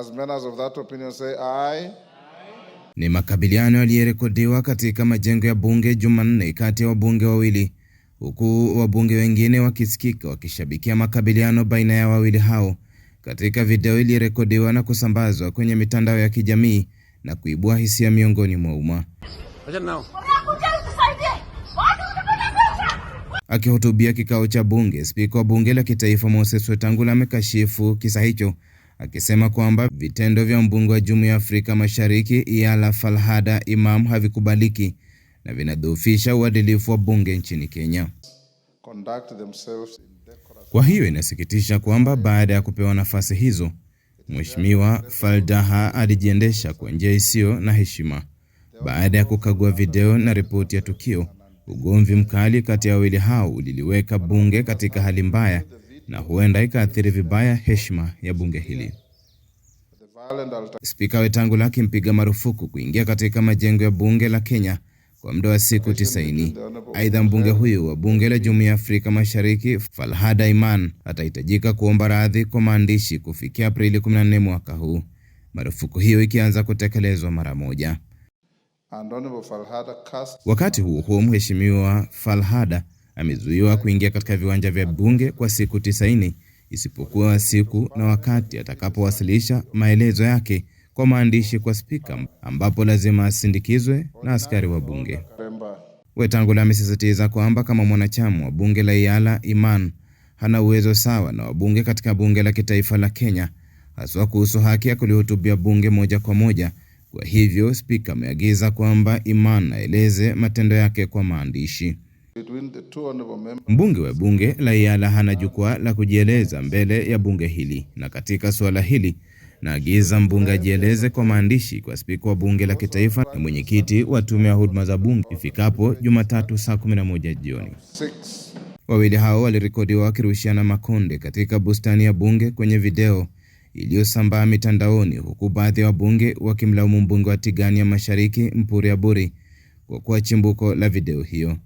As members of that opinion say aye. Ni makabiliano yaliyerekodiwa katika majengo ya bunge Jumanne kati ya wabunge wawili huku wabunge wengine wakisikika wakishabikia makabiliano baina ya wawili hao katika video iliyorekodiwa na kusambazwa kwenye mitandao ya kijamii na kuibua hisia miongoni mwa umma. Akihutubia kikao cha bunge, spika wa bunge la kitaifa Moses Wetangula amekashifu kisa hicho akisema kwamba vitendo vya mbunge wa Jumuiya ya Afrika Mashariki iala Falhada Imam havikubaliki na vinadhoofisha uadilifu wa bunge nchini Kenya. Kwa hiyo inasikitisha kwamba baada ya kupewa nafasi hizo, Mheshimiwa Faldaha alijiendesha kwa njia isiyo na heshima. Baada ya kukagua video na ripoti ya tukio, ugomvi mkali kati ya wawili hao uliliweka bunge katika hali mbaya na huenda ikaathiri vibaya heshima ya bunge hili. Spika Wetangula akimpiga marufuku kuingia katika majengo ya bunge la Kenya kwa muda wa siku tisaini. Aidha, mbunge huyu wa bunge la Jumuiya ya Afrika Mashariki Falhada Iman atahitajika kuomba radhi kwa maandishi kufikia Aprili 14 mwaka huu, marufuku hiyo ikianza kutekelezwa mara moja. Wakati huo huo, mheshimiwa Falhada amezuiwa kuingia katika viwanja vya bunge kwa siku tisaini isipokuwa siku na wakati atakapowasilisha maelezo yake kwa maandishi kwa spika, ambapo lazima asindikizwe na askari wa bunge. Wetangula amesisitiza kwamba kama mwanachama wa bunge la iala Iman hana uwezo sawa na wabunge katika bunge la kitaifa la Kenya, haswa kuhusu haki ya kulihutubia bunge moja kwa moja. Kwa hivyo spika ameagiza kwamba Iman aeleze matendo yake kwa maandishi. Mbunge wa bunge la iala hana jukwaa la kujieleza mbele ya bunge hili, na katika suala hili naagiza mbunge ajieleze kwa maandishi kwa spika wa bunge la kitaifa na mwenyekiti wa tume ya huduma za bunge ifikapo Jumatatu saa 11 jioni. Wawili hao walirekodiwa wakirushiana makonde katika bustani ya bunge kwenye video iliyosambaa mitandaoni, huku baadhi ya wa wabunge wakimlaumu mbunge wa Tigania Mashariki mpuri Buri kwa kuwa chimbuko la video hiyo.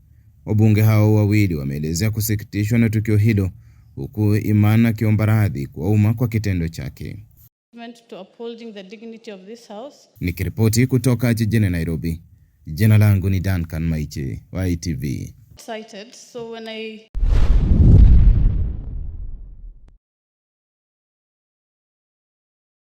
Wabunge hao wawili wameelezea kusikitishwa na tukio hilo, huku Imana akiomba radhi kwa umma kwa kitendo chake. Nikiripoti kutoka jijini Nairobi, jina langu ni Duncan Maiche wa